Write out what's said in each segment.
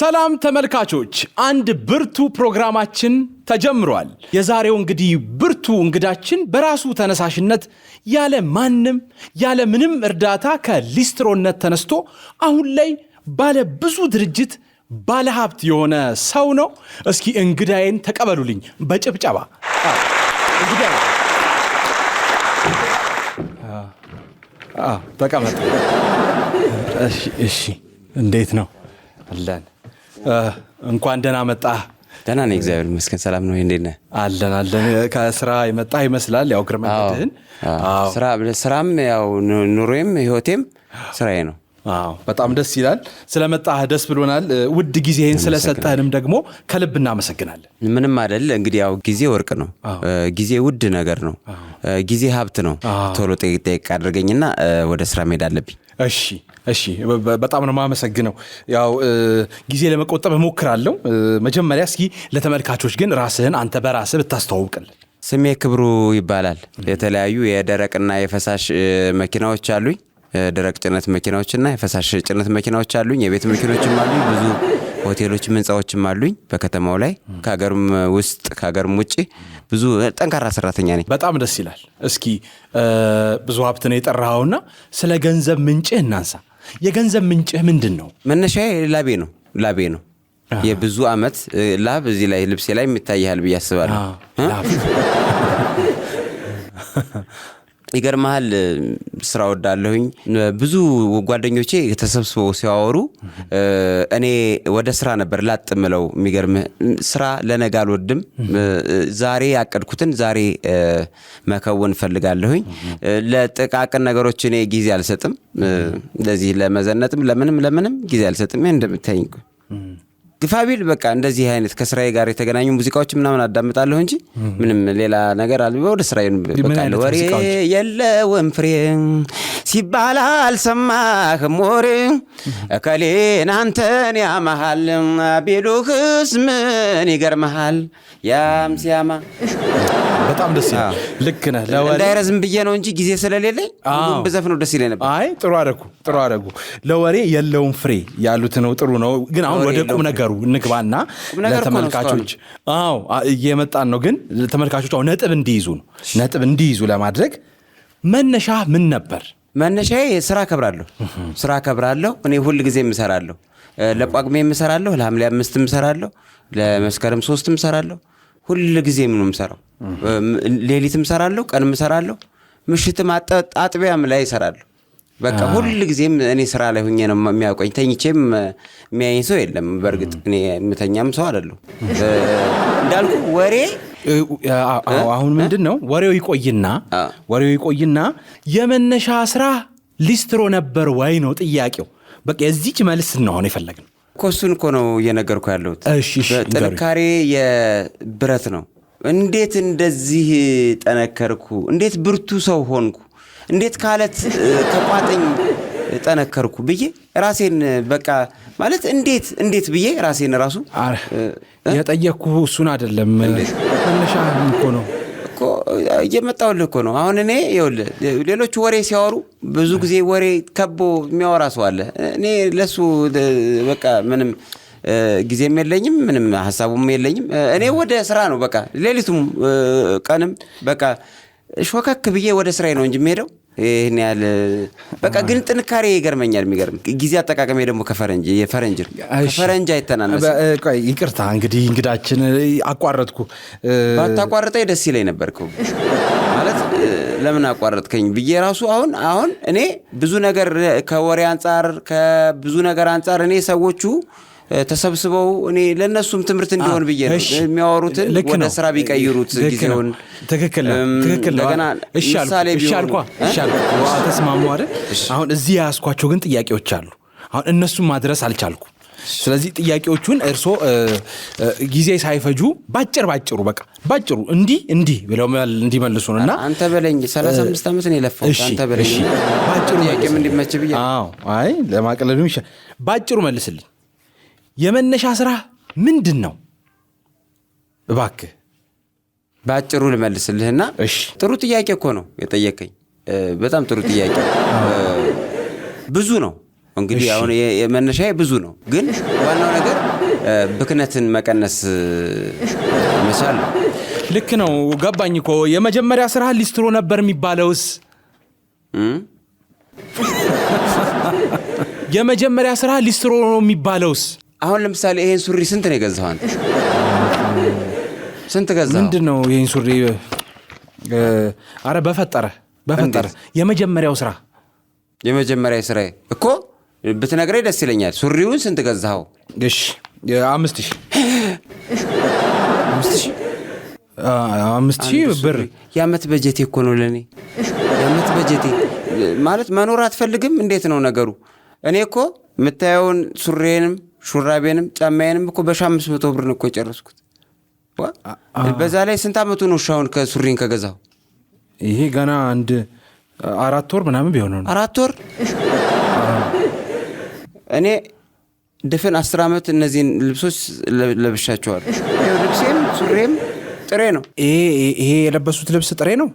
ሰላም ተመልካቾች፣ አንድ ብርቱ ፕሮግራማችን ተጀምሯል። የዛሬው እንግዲህ ብርቱ እንግዳችን በራሱ ተነሳሽነት ያለ ማንም ያለ ምንም እርዳታ ከሊስትሮነት ተነስቶ አሁን ላይ ባለ ብዙ ድርጅት ባለ ሀብት የሆነ ሰው ነው። እስኪ እንግዳዬን ተቀበሉልኝ በጭብጨባ ተቀመጥ። እሺ፣ እንዴት ነው አለን እንኳን ደህና መጣ። ደህና ነኝ፣ እግዚአብሔር ይመስገን። ሰላም ነው። እንዴት ነህ? አለን አለን። ከስራ የመጣ ይመስላል። ያው ግርማ ድህን ስራም ያው ኑሮዬም ህይወቴም ስራዬ ነው። በጣም ደስ ይላል። ስለመጣህ ደስ ብሎናል። ውድ ጊዜህን ስለሰጠህንም ደግሞ ከልብ እናመሰግናለን። ምንም አይደል እንግዲህ ያው ጊዜ ወርቅ ነው። ጊዜ ውድ ነገር ነው። ጊዜ ሀብት ነው። ቶሎ ጠቅ ጠቅ አድርገኝና ወደ ስራ መሄድ አለብኝ። እሺ እሺ፣ በጣም ነው የማመሰግነው። ያው ጊዜ ለመቆጠብ እሞክራለሁ። መጀመሪያ እስኪ ለተመልካቾች ግን ራስህን አንተ በራስህ ብታስተዋውቅልን። ስሜ ክብሩ ይባላል። የተለያዩ የደረቅና የፈሳሽ መኪናዎች አሉኝ። ደረቅ ጭነት መኪናዎችና የፈሳሽ ጭነት መኪናዎች አሉኝ። የቤት መኪኖችም አሉኝ ብዙ ሆቴሎችም ህንፃዎችም አሉኝ በከተማው ላይ ከሀገርም ውስጥ ከሀገርም ውጭ ብዙ ጠንካራ ሰራተኛ ነኝ። በጣም ደስ ይላል። እስኪ ብዙ ሀብት ነው የጠራኸውና ስለ ገንዘብ ምንጭህ እናንሳ። የገንዘብ ምንጭህ ምንድን ነው? መነሻ ላቤ ነው ላቤ ነው የብዙ አመት ላብ እዚህ ላይ ልብሴ ላይ የሚታይሃል ብዬ አስባለሁ። ይገርመሃል ስራ ወዳለሁኝ ብዙ ጓደኞቼ ተሰብስበው ሲያወሩ እኔ ወደ ስራ ነበር ላጥ ምለው። የሚገርምህ ስራ ለነጋ አልወድም። ዛሬ ያቀድኩትን ዛሬ መከውን ፈልጋለሁኝ ለጥቃቅን ነገሮች እኔ ጊዜ አልሰጥም። ለዚህ ለመዘነጥም፣ ለምንም ለምንም ጊዜ አልሰጥም። ይህ እንደምታይኝ ግፋቢል በቃ እንደዚህ አይነት ከስራዬ ጋር የተገናኙ ሙዚቃዎች ምናምን አዳምጣለሁ እንጂ ምንም ሌላ ነገር አል ወደ ስራ ወሬ የለውም ፍሬ ሲባል አልሰማህም ወሬ እከሌ ናንተን ያመሃል ቢሉህስ ምን ይገርመሃል ያም ሲያማ በጣም ደስ ይላል። ልክ ነህ። እንዳይረዝም ብዬ ነው እንጂ ጊዜ ስለሌለኝ ብዘፍነው ደስ ይለኝ ነበር። አይ ጥሩ አደረኩ፣ ጥሩ አደረጉ። ለወሬ የለውም ፍሬ ያሉት ነው ጥሩ ነው። ግን አሁን ወደ ቁም ነገሩ ነገሩ እንግባና ለተመልካቾች አዎ እየመጣን ነው፣ ግን ተመልካቾች አዎ ነጥብ እንዲይዙ ነው። ነጥብ እንዲይዙ ለማድረግ መነሻ ምን ነበር? መነሻዬ ስራ ከብራለሁ ስራ ከብራለሁ እኔ ሁል ጊዜ የምሰራለሁ፣ ለጳጉሜ የምሰራለሁ፣ ለሐምሌ አምስት የምሰራለሁ፣ ለመስከረም ሶስት የምሰራለሁ። ሁል ጊዜ ምኑ የምሰራው። ሌሊት የምሰራለሁ ቀን የምሰራለሁ ምሽትም አጥቢያም ላይ ይሰራለሁ በቃ ሁል ጊዜም እኔ ስራ ላይ ሁኜ ነው የሚያውቀኝ። ተኝቼም የሚያየኝ ሰው የለም። በእርግጥ እኔ የምተኛም ሰው አይደለሁ እንዳልኩ ወሬ አሁን ምንድን ነው ወሬው ይቆይና ወሬው ይቆይና የመነሻ ስራ ሊስትሮ ነበር ወይ ነው ጥያቄው። በቃ የዚች መልስ እንሆን የፈለግን እኮ እኮ ነው እየነገርኩ ያለሁት። ጥንካሬ የብረት ነው። እንዴት እንደዚህ ጠነከርኩ፣ እንዴት ብርቱ ሰው ሆንኩ እንዴት ከአለት ተቋጥኝ ጠነከርኩ ብዬ ራሴን በቃ ማለት እንዴት እንዴት ብዬ ራሴን ራሱ የጠየቅኩህ እሱን አይደለም። መነሻ እኮ ነው እኮ እየመጣሁልህ እኮ ነው። አሁን እኔ ይውል ሌሎቹ ወሬ ሲያወሩ ብዙ ጊዜ ወሬ ከቦ የሚያወራ ሰው አለ። እኔ ለሱ በቃ ምንም ጊዜም የለኝም፣ ምንም ሀሳቡም የለኝም። እኔ ወደ ስራ ነው በቃ ሌሊቱም ቀንም በቃ ሾከክ ብዬ ወደ ስራዬ ነው እንጂ የምሄደው። ይህን ያህል በቃ ግን ጥንካሬ ይገርመኛል። የሚገርም ጊዜ አጠቃቀሜ ደግሞ ከፈረንጅ የፈረንጅ ከፈረንጅ አይተናነስ። ይቅርታ እንግዲህ እንግዳችን አቋረጥኩ። ባታቋርጠኝ ደስ ይለኝ ነበር ማለት ለምን አቋረጥከኝ ብዬ ራሱ አሁን አሁን እኔ ብዙ ነገር ከወሬ አንጻር ከብዙ ነገር አንጻር እኔ ሰዎቹ ተሰብስበው እኔ ለእነሱም ትምህርት እንዲሆን ብዬ ነው የሚያወሩትን ወደ ስራ ቢቀይሩት ጊዜውን። ትክክል እንደገና አሁን እዚህ የያዝኳቸው ግን ጥያቄዎች አሉ። አሁን እነሱን ማድረስ አልቻልኩ። ስለዚህ ጥያቄዎቹን እርሶ ጊዜ ሳይፈጁ ባጭር ባጭሩ በቃ ባጭሩ እንዲህ እንዲህ ብለው እንዲመልሱ ነው እና አንተ በለኝ። ሰላሳ አምስት ዓመት ነው የለፋሁት። በለኝ ባጭሩ፣ ጥያቄም እንዲመች ብዬ አይ ለማቅለሉ ይሻል። ባጭሩ መልስልኝ። የመነሻ ስራ ምንድን ነው? እባክህ በአጭሩ ልመልስልህና። ጥሩ ጥያቄ እኮ ነው የጠየቀኝ። በጣም ጥሩ ጥያቄ። ብዙ ነው እንግዲህ አሁን የመነሻ ብዙ ነው፣ ግን ዋናው ነገር ብክነትን መቀነስ መቻል ልክ ነው። ገባኝ እኮ የመጀመሪያ ስራ ሊስትሮ ነበር የሚባለውስ? የመጀመሪያ ስራ ሊስትሮ ነው የሚባለውስ? አሁን ለምሳሌ ይሄን ሱሪ ስንት ነው የገዛኸው አንተ? ስንት ገዛ ምንድን ነው ይህን ሱሪ? አረ በፈጠረ በፈጠረ የመጀመሪያው ስራ የመጀመሪያ ስራ እኮ ብትነግረኝ ደስ ይለኛል። ሱሪውን ስንት ገዛኸው? እሺ አምስት ሺ አምስት ብር የአመት በጀቴ እኮ ነው ለእኔ የአመት በጀቴ ማለት መኖር አትፈልግም። እንዴት ነው ነገሩ? እኔ እኮ የምታየውን ሱሬንም ሹራቤንም ጫማዬንም እኮ በሺህ አምስት መቶ ብር ነው እኮ የጨረስኩት። በዛ ላይ ስንት አመቱ ነው ሻውን ከሱሪን ከገዛው? ይሄ ገና አንድ አራት ወር ምናምን ቢሆን ነው። አራት ወር እኔ ድፍን አስር ዓመት እነዚህን ልብሶች ለብሻቸዋል። ልብሴም ሱሬም ጥሬ ነው። ይሄ የለበሱት ልብስ ጥሬ ነው።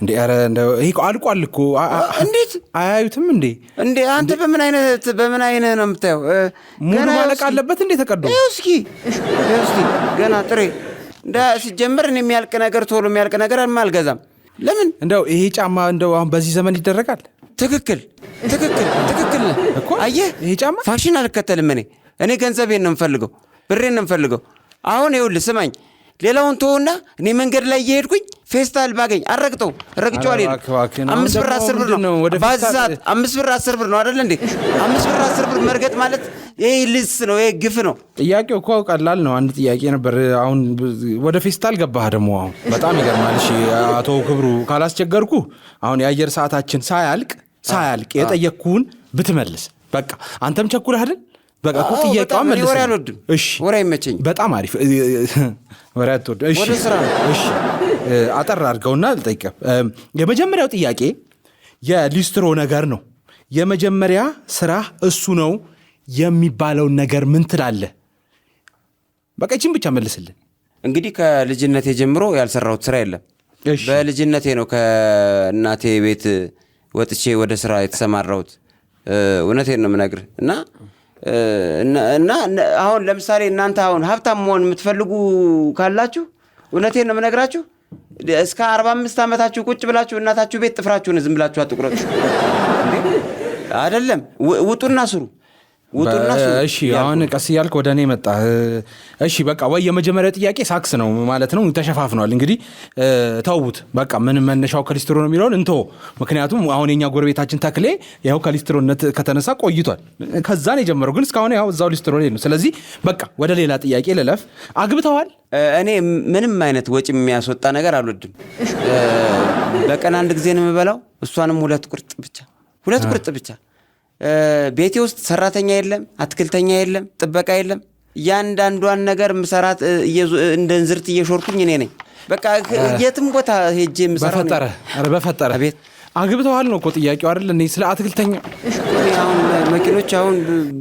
እንዴ ኧረ አልቋል እኮ እንዴት አያዩትም እንዴ እንዴ አንተ በምን አይነት በምን አይነት ነው የምታየው ሙሉ ማለቅ አለበት እንዴ ተቀዶ እስኪ እስኪ ገና ጥሬ እንዳ ሲጀምር እኔ የሚያልቅ ነገር ቶሎ የሚያልቅ ነገር አልገዛም ለምን እንደው ይሄ ጫማ እንደው አሁን በዚህ ዘመን ይደረጋል ትክክል ትክክል ትክክል እኮ አየህ ይሄ ጫማ ፋሽን አልከተልም እኔ እኔ ገንዘቤን ነው የምፈልገው ብሬን ነው የምፈልገው አሁን ይኸውልህ ስማኝ ሌላውን ትሆና እኔ መንገድ ላይ እየሄድኩኝ ፌስታል ባገኝ አረግጠው ረግጫው አልሄድም። አምስት ብር አስር ብር ነው በዚህ አምስት ብር አስር ብር ነው አደለ እንዴ? አምስት ብር አስር ብር መርገጥ ማለት ይሄ ልስ ነው፣ ይሄ ግፍ ነው። ጥያቄው እኮ ቀላል ነው። አንድ ጥያቄ ነበር። አሁን ወደ ፌስታል ገባህ ደግሞ። አሁን በጣም ይገርማል። እሺ አቶ ክብሩ ካላስቸገርኩ አሁን የአየር ሰዓታችን ሳያልቅ ሳያልቅ የጠየቅኩህን ብትመልስ በቃ አንተም ቸኩለህ አይደል በቃ እኮ መልስ ወሬ አልወድም። እሺ ወሬ በጣም አሪፍ ወሬ አትወድም። እሺ እሺ፣ አጠር አድርገውና ልጠይቅህ። የመጀመሪያው ጥያቄ የሊስትሮ ነገር ነው። የመጀመሪያ ስራ እሱ ነው የሚባለውን ነገር ምን ትላለህ? በቃ ይህችን ብቻ መልስልን። እንግዲህ ከልጅነቴ ጀምሮ ያልሰራሁት ስራ የለም። በልጅነቴ ነው ከእናቴ ቤት ወጥቼ ወደ ስራ የተሰማራሁት። እውነቴን ነው የምነግርህ እና እና አሁን ለምሳሌ እናንተ አሁን ሀብታም መሆን የምትፈልጉ ካላችሁ እውነቴን ነው የምነግራችሁ። እስከ አርባ አምስት ዓመታችሁ ቁጭ ብላችሁ እናታችሁ ቤት ጥፍራችሁን ዝም ብላችሁ አትቁረጡ። አይደለም ውጡና ስሩ። እሺ አሁን ቀስ እያልክ ወደ እኔ መጣ። እሺ በቃ ወይ የመጀመሪያ ጥያቄ ሳክስ ነው ማለት ነው። ተሸፋፍኗል እንግዲህ ተውት። በቃ ምን መነሻው ከሊስትሮ ነው የሚለውን እንቶ ምክንያቱም አሁን የኛ ጎረቤታችን ተክሌ ያው ከሊስትሮነት ከተነሳ ቆይቷል። ከዛን የጀመረው ግን እስካሁን ያው እዛው ሊስትሮ ነው። ስለዚህ በቃ ወደ ሌላ ጥያቄ ልለፍ። አግብተዋል? እኔ ምንም አይነት ወጪ የሚያስወጣ ነገር አልወድም። በቀን አንድ ጊዜ ነው የምበላው፣ እሷንም ሁለት ቁርጥ ብቻ ሁለት ቁርጥ ብቻ ቤቴ ውስጥ ሰራተኛ የለም፣ አትክልተኛ የለም፣ ጥበቃ የለም። እያንዳንዷን ነገር ምሰራት እንደ እንዝርት እየሾርኩኝ እኔ ነኝ። በቃ የትም ቦታ ሄጄ ምሰራ በፈጠረ ቤት አግብተዋል ነው እኮ ጥያቄው አይደል? እኔ ስለ አትክልተኛ መኪኖች አሁን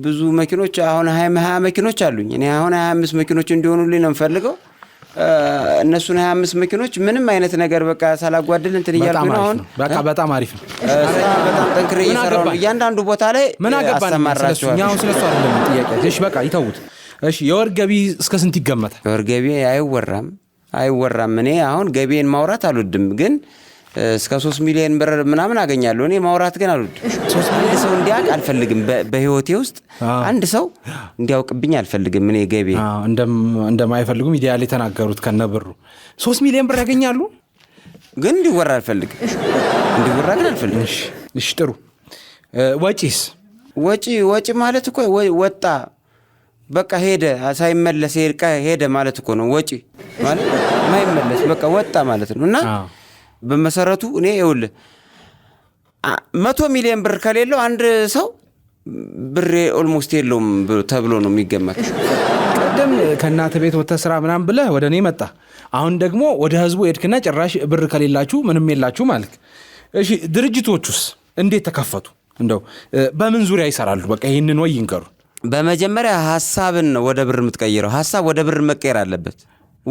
ብዙ መኪኖች አሁን ሀያ መኪኖች አሉኝ። እኔ አሁን ሀያ አምስት መኪኖች እንዲሆኑልኝ ነው የምፈልገው። እነሱን 25 መኪኖች ምንም አይነት ነገር በቃ ሳላጓድል እንትን እያልኩ ነው። አሁን በቃ በጣም አሪፍ ነው። በጣም ጠንክሬ እየሰራሁ ነው። እያንዳንዱ ቦታ ላይ ምን አገባን ስለሱ። እኛ ስለሱ አይደለም ጥያቄ። እሺ በቃ ይተውት። እሺ የወር ገቢ እስከ ስንት ይገመታል? የወር ገቢ አይወራም አይወራም። እኔ አሁን ገቢን ማውራት አልወድም ግን እስከ ሶስት ሚሊዮን ብር ምናምን አገኛለሁ። እኔ ማውራት ግን አሉ ሶስት ሚሊዮን ሰው እንዲያውቅ አልፈልግም። በህይወቴ ውስጥ አንድ ሰው እንዲያውቅብኝ አልፈልግም። እኔ ገቢ እንደማይፈልጉም ኢዲያል የተናገሩት ከነብሩ ሶስት ሚሊዮን ብር ያገኛሉ። ግን እንዲወራ አልፈልግም። እንዲወራ ግን አልፈልግም። እሺ ጥሩ። ወጪስ? ወጪ ወጪ ማለት እኮ ወጣ በቃ ሄደ ሳይመለስ ሄደ ማለት እኮ ነው። ወጪ ማለት ማይመለስ በቃ ወጣ ማለት ነው እና በመሰረቱ እኔ ይውል መቶ ሚሊዮን ብር ከሌለው አንድ ሰው ብሬ ኦልሞስት የለውም ተብሎ ነው የሚገመት። ቅድም ከእናተ ቤት ወተ ስራ ምናምን ብለህ ወደ እኔ መጣ። አሁን ደግሞ ወደ ህዝቡ ሄድክና ጭራሽ ብር ከሌላችሁ ምንም የላችሁ ማለት። እሺ ድርጅቶቹስ እንዴት ተከፈቱ? እንደው በምን ዙሪያ ይሰራሉ? በቃ ይህንን ወይ ይንገሩ። በመጀመሪያ ሀሳብን ወደ ብር የምትቀይረው ሀሳብ ወደ ብር መቀየር አለበት።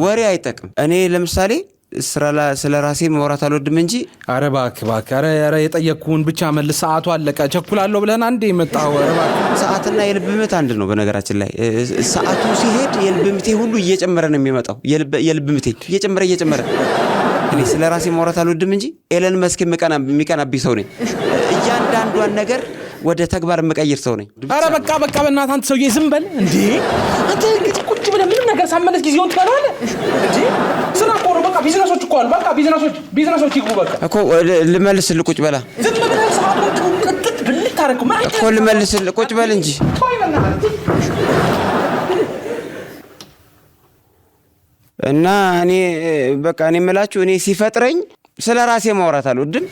ወሬ አይጠቅም። እኔ ለምሳሌ ስለ ራሴ መውራት አልወድም እንጂ አረ እባክህ እባክህ፣ አረ አረ የጠየቅኩህን ብቻ መልስ። ሰዓቱ አለቀ፣ ቸኩላለሁ ብለን አንድ የመጣው ሰዓትና የልብ ምት አንድ ነው። በነገራችን ላይ ሰዓቱ ሲሄድ የልብ ምቴ ሁሉ እየጨመረ ነው የሚመጣው። የልብ ምቴ እየጨመረ እየጨመረ እኔ ስለ ራሴ መውራት አልወድም እንጂ ኤለን መስክ የሚቀናብኝ ሰው ነኝ። እያንዳንዷን ነገር ወደ ተግባር የምቀይር ሰው ነኝ። አረ በቃ በቃ፣ በእናትህ አንተ ሰውዬ ዝም በል እንዴ! አንተ እንግዲህ ቁጭ ብለህ ምንም ነገር ሳመለስ ጊዜውን ትበለዋለህ እንዴ? ስራ እኮ ቢዝነሶች እኮ አሉ። በቃ ቢዝነሶች ቢዝነሶች ይግቡ። በቃ እኮ ልመልስ ልቁጭ በላ ዝም ብለህ እኮ ልመልስ ቁጭ በል እንጂ እና እኔ በቃ እኔ የምላችሁ እኔ ሲፈጥረኝ ስለ ራሴ ማውራት አልወድም።